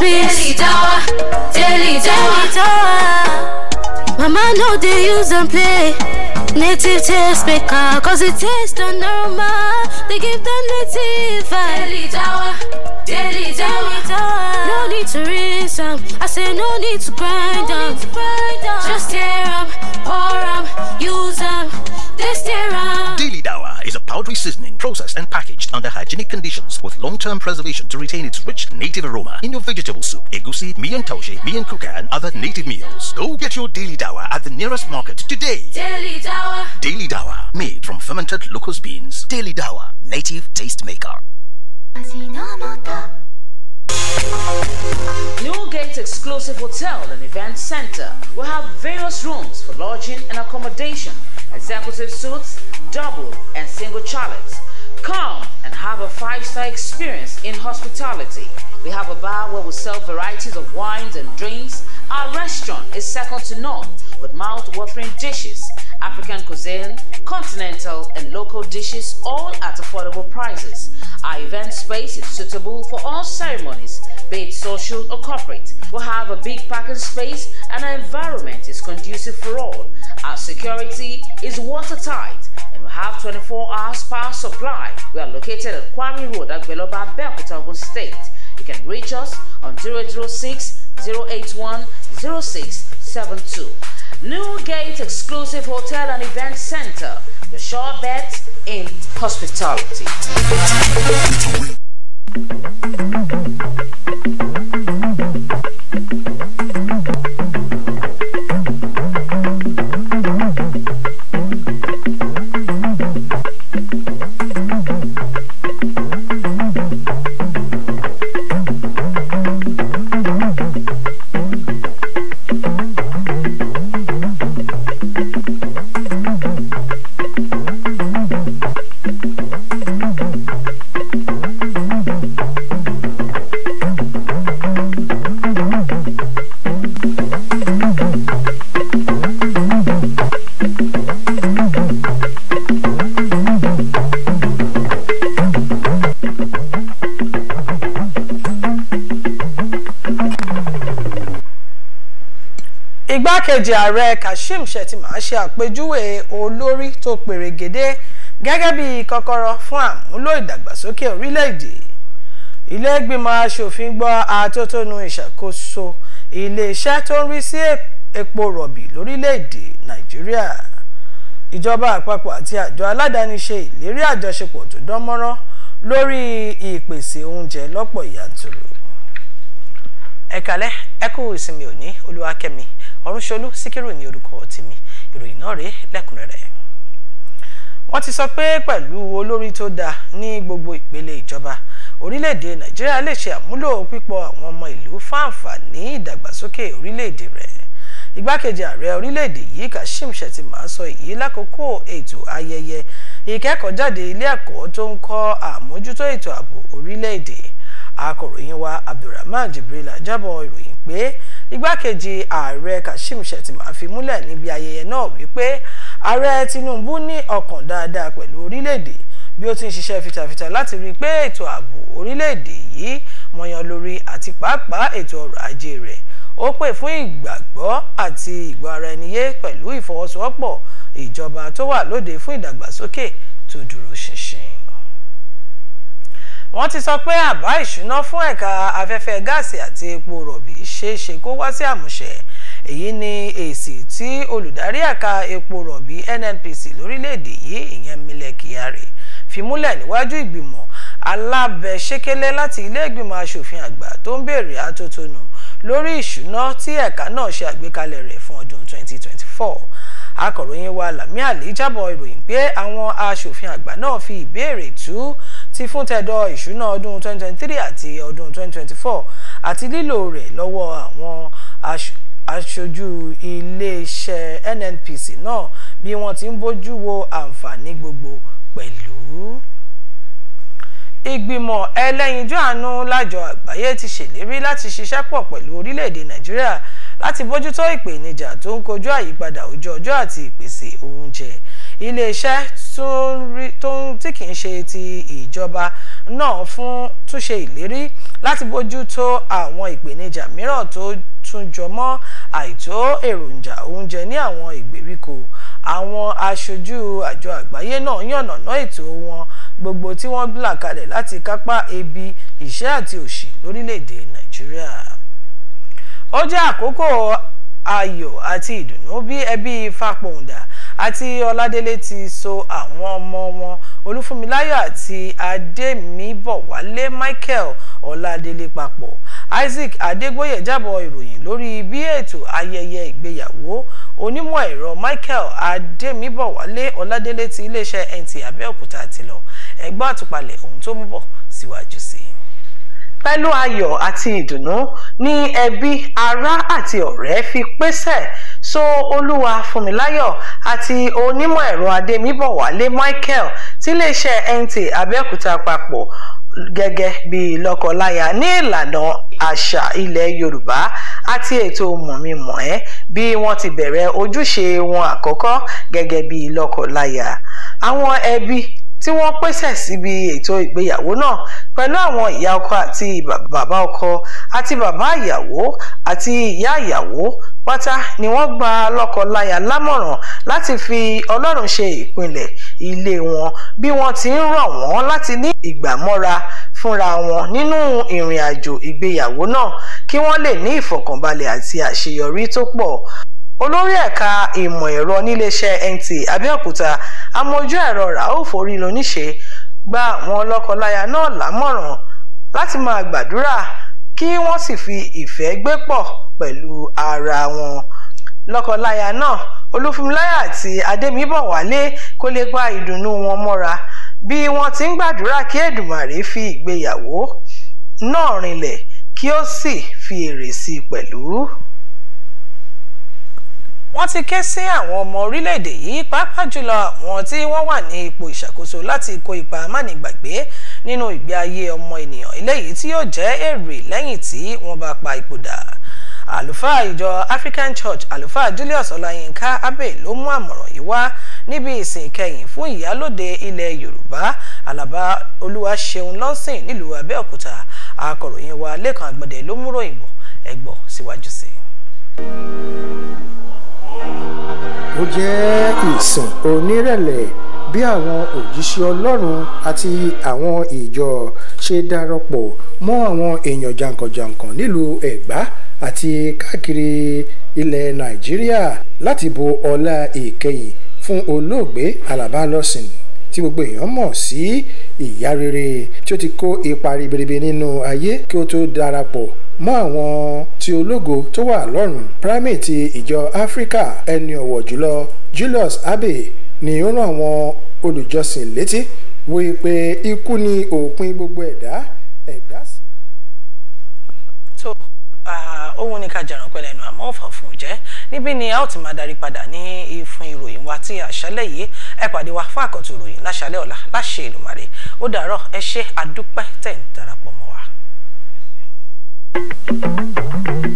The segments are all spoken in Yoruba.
peace. Daily dollar, daily dollar. Mama know they use and play. Native taste maker, cause it tastes the normal. They give the native vibe. Daily dollar, daily dollar. No need to rinse them. I say no need to grind them. No Just tear them, pour pre-seasoning, processed and packaged under hygienic conditions with long-term preservation to retain its rich native aroma in your vegetable soup, egusi, mian toshi, mian kuka and other native meals. Go get your daily dawa at the nearest market today. Daily dawa. Daily dawa, made from fermented locust beans. Daily dawa, native taste maker. 味の素 Newgate Exclusive Hotel and Event Center will have various rooms for lodging and accommodation, executive suites, double and single chalets. Come and have a five-star experience in hospitality. We have a bar where we sell varieties of wines and drinks. Our restaurant is second to none with mouth-watering dishes, African cuisine, continental and local dishes all at affordable prices. Our event space is suitable for all ceremonies be it social or corporate, will have a big parking space and our environment is conducive for all. Our security is watertight and we have 24 hours power supply. We are located at Quarry Road, Agbeloba, Belkota, Ogun State. You can reach us on 006 081 0672. Newgate Exclusive Hotel and Event Center, your sure bet in hospitality. igbákejì ààrẹ Kashim Shettima ṣe àpèjúwe olórí tó pèrègede gẹ́gẹ́ bí kọ́kọ́rọ́ fún àmúlò ìdàgbàsókè orílẹ̀-èdè ilé-ìgbìmọ̀ aṣòfin gbọ́ atótónu ìṣàkóso iléeṣẹ́ tó ń rí sí epo rọ̀bì lórílẹ̀-èdè Nàìjíríà ìjọba àpapọ̀ àti àjọ aládàáni ṣe ìlérí àjọṣepọ̀ tó dán mọ́rán lórí ìpèsè oúnjẹ lọ́pọ̀ yàntúrú ẹ̀kálẹ́ ẹ̀kú ìsinmi òní Olúwakẹ́mi ọ̀rúnṣọlú síkírù ní orúkọ tèmi ìròyìn náà rèé lẹ́kùnrẹ́rẹ́ wọ́n ti sọ pé pẹ̀lú olórí tó dáa ní gbogbo ìpele ìjọba orílẹ̀-èdè nàìjíríà lè ṣe àmúlò pípọ̀ àwọn ọmọ ìlú fáǹfààní ìdàgbàsókè orílẹ̀-èdè rẹ̀ igbákejì ààrẹ orílẹ̀-èdè yìí kashim shettima sọ èyí lákòókò ètò ayẹyẹ ìkẹ́kọ̀ọ́jáde ilé ẹ̀kọ́ tó ń kọ́ àmójútó ètò ààbò orílẹ̀-èdè akọ̀ròyìn wa abdulrahman jibril ajábọ̀ ìròyìn pé igbákejì ààrẹ Kashim Shettima fi múlẹ̀ níbi ayẹyẹ náà wípé ààrẹ Tinubu ní ọkàn dáadáa pẹ̀lú orílẹ̀-èdè bí ó ti ń ṣiṣẹ́ fitafita láti rí i pé ètò ààbò orílẹ̀-èdè yìí mọ̀yàn lórí àti pàápàá ètò ọrọ̀ ajé rẹ̀ ó pè fún ìgbàgbọ́ àti ìgbọ́ ara ẹni pẹ̀lú ìfọwọ́sowọ́pọ̀ ìjọba tó wà lóde fún ìdàgbàsókè tó dúró ṣinṣin wọ́n ti sọ pé àbá ìṣúná fún ẹ̀ka afẹ́fẹ́ gáàsì àti epo rọ̀bì ṣeéṣe kó wá sí àmúṣẹ èyí ni èsì tí olùdarí ẹ̀ka epo rọ̀bì NNPC lórílẹ̀‐èdè yìí ìyẹn Milẹ̀ Kyari fi múlẹ̀ níwájú ìgbìmọ̀ alábẹ̀ṣẹ́kẹ́lẹ́ láti ilé ìgbìmọ̀ asòfin àgbà tó ń béèrè àtótónu lórí ìṣúná tí ẹ̀ka náà ṣe àgbékalẹ̀ rẹ̀ fún ọdún 2024 akọ̀ròyìn wa Lami Ali jábọ̀ ìròyìn pé àwọn asòfin àgbà náà fi ìbéèrè tú ti fún tẹ̀dọ̀ ìṣúná ọdún 2023 àti ọdún 2024 àti lílò rẹ̀ lọ́wọ́ àwọn aṣojú iléeṣẹ́ NNPC náà bí wọ́n ti ń bójú wo àǹfààní gbogbo pẹ̀lú ìgbìmọ̀ ẹlẹ́yinjú àánú lájọ àgbáyé ti ṣèlérí láti ṣiṣẹ́ pọ̀ pẹ̀lú orílẹ̀-èdè nàìjíríà láti bójútó ìpèníjà tó ń kojú àyípadà ojú ọjọ́ àti ìpèsè oúnjẹ iléeṣẹ́ tó ń tí kì í ṣe ti ìjọba náà fún túnṣe ìlérí láti bójú tó àwọn ìpèníjà mìíràn tó tún jọmọ́ àìtó èròjà oúnjẹ ní àwọn ìgbèríko àwọn aṣojú àjọ àgbáyé náà yànnàná ètò wọn gbogbo tí wọ́n là kalẹ̀ láti kápá ebi ìṣẹ́ àti òṣì lórílẹ̀‐èdè nàìjíríà ó jẹ́ àkókò ayọ̀ àti ìdùnnú bí ẹbí Fápòǹdà àti Ọládélé ti so àwọn ọmọ wọn Olúfúnmiláyọ̀ àti Adémíbọ̀wálé Michael Ọládélé papọ̀ Isaac Adégbóyè jábọ̀ ìròyìn lórí bí ètò ayẹyẹ ìgbéyàwó onímọ̀ ẹ̀rọ Michael Adémíbọ̀wálé Ọládélé ti iléeṣẹ́ NTA Abẹ́òkúta ti lọ ẹgbẹ́ àtúpalẹ̀ ohun tó ń bọ̀ síwájú sí i pẹ̀lú ayọ̀ àti ìdùnnú ni ẹbí ará àti ọ̀rẹ́ fi pésẹ̀ so olúwa fúnmiláyọ̀ àti onímọ̀ ẹ̀rọ adémíbọ̀wálé michael tí iléeṣẹ́ NTA abẹ́òkúta papọ̀ gẹ́gẹ́ bí lọ́kọláya ní ìlànà àṣà ilẹ̀ yorùbá àti ètò mọ̀mímọ̀ ẹ́ bí wọ́n ti bẹ̀rẹ̀ ojúṣe wọn àkọ́kọ́ gẹ́gẹ́ bí lọ́kọláya àwọn ẹbí tí wọ́n pèsè síbi ètò ìgbéyàwó náà pẹ̀lú àwọn ìyá ọkọ àti bàbá ọkọ àti bàbá ìyàwó àti ìyá ìyàwó pátá ni wọ́n gba lọ́kọláya lámọ̀ràn láti fi Ọlọ́run ṣe ìpìlẹ̀ ilé wọn bí wọ́n ti ń rọ̀ wọ́n láti ní ìgbàmọ́ra fúnra wọn nínú ìrìn àjò ìgbéyàwó náà kí wọ́n lè ní ìfọ̀kànbalẹ̀ àti àṣeyọrí tó pọ̀ olórí ẹ̀ka ìmọ̀ ẹ̀rọ níléeṣẹ́ NTA Abẹ́òkúta amójú ẹ̀rọ Rauf Orílóníṣe gba àwọn lọ́kọláya náà lámọ̀ràn láti máa gbàdúrà kí wọ́n sì fi ìfẹ́ gbé pọ̀ pẹ̀lú ara wọn lọ́kọláya náà olúfúnmiláyà àti adémíbọ̀wálé kó lè gba ìdùnnú wọn mọ́ra bí wọ́n ti ń gbàdúrà kí èdùmàrè fi ìgbéyàwó náà rinlẹ̀ kí ó sì fi èrè sí i pẹ̀lú wọ́n ti ké sí àwọn ọmọ orílẹ̀-èdè yìí pàápàá jùlọ àwọn tí wọ́n wà ní ipò ìṣàkóso láti kó ipa mánigbàgbé nínú ìgbé ayé ọmọ ènìyàn eléyìí tí yóò jẹ́ èrè lẹ́yìn tí wọ́n bá pa ipò dà àlùfáà ìjọ African Church àlùfáà Julius Ọláyínká Abbey ló mú àmọ̀ràn yìí wá níbi ìsìn ìkẹyìn fún ìyálòde ilẹ̀ Yorùbá Àlàbá Olúwaṣeun lọ́sìn nílùú Abẹ́òkúta akọ̀ròyìn wa Lẹ́kan Àgbọ̀dẹ ló múrò ìbọ̀ ẹ̀gbọ́n síwájú sí i. ó jẹ́ ìsìn onírẹ̀lẹ̀ bí àwọn òjíṣẹ́ ọlọ́run àti àwọn ìjọ ṣe darapọ̀ mọ́ àwọn èèyàn jàǹkànjàǹkàn nílùú Ẹ̀gbá àti káàkiri ilẹ̀ nàìjíríà láti bo ọlá ìkẹyìn fún olóògbé Àlàbá Lọ́sìn tí gbogbo èèyàn mọ̀ sí ìyá rere tí ó ti kó ipa ribiribi nínú ayé kí ó tó darapọ̀ mọ́ àwọn tí ológo tó wà lọ́rùn primate ìjọ áfíríkà ẹni ọ̀wọ̀ jùlọ Julius Abbey ni ó rán àwọn olùjọsìn létí wípé ikú ni òpin gbogbo ẹ̀dá òun ni ká jẹran pẹ́ lẹ́nu àmọ́ ọ̀fà fún jẹ́ níbí ni a ó ti máa darí padà ní ìfún ìròyìn wa tí àṣálẹ́ yìí ẹ pàdé wa fún àkọ́tù ìròyìn láṣálẹ́ ọ̀la láṣẹ Èdùmàrè ó dàárọ̀ ẹ ṣé àdúpẹ́ tẹ̀ ń darapọ̀ mọ́ wa. thank you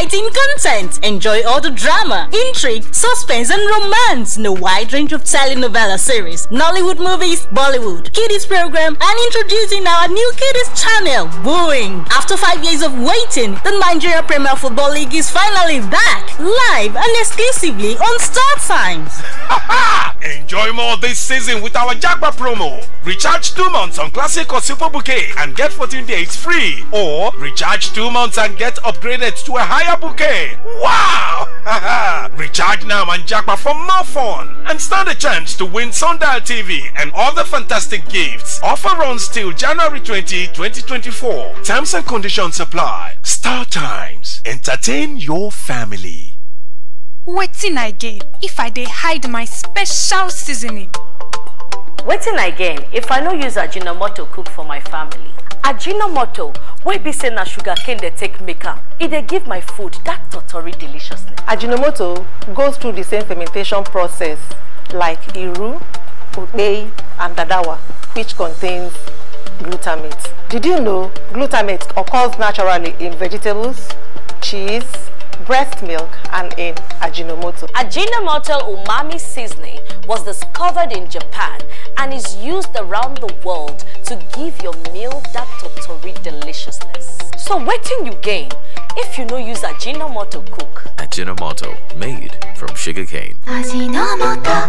exciting content. Enjoy all the drama, intrigue, suspense, and romance in a wide range of telenovela series, Nollywood movies, Bollywood, kiddies program, and introducing our new kiddies channel, Boeing. After five years of waiting, the Nigeria Premier Football League is finally back, live and exclusively on Star Times. Enjoy more this season with our Jackpot promo. Recharge two months on Classic or Super Bouquet and get 14 days free. Or recharge two months and get upgraded to a higher bouquet. Wow! Recharge now and jackpot for more fun and stand a chance to win Sundial TV and other fantastic gifts. Offer runs till January 20, 2024. Terms and conditions apply. Star Times. Entertain your family. Waiting i if i dey hide my special seasoning Waiting i if i no use ajinomoto cook for my family Ajinomoto why be say na sugar cane dey take make am e dey give my food that totori deliciousness. Ajinomoto goes through the same fermentation process like iru, ukpei and dadawa which contains glutamate. Did you know glutamate occurs naturally in vegetables, cheese, breast milk, and in Ajinomoto. Ajinomoto umami seasoning was discovered in Japan and is used around the world to give your meal that totori deliciousness. So waiting you gain if you no use Ajinomoto cook. Ajinomoto, made from sugarcane. Ajinomoto.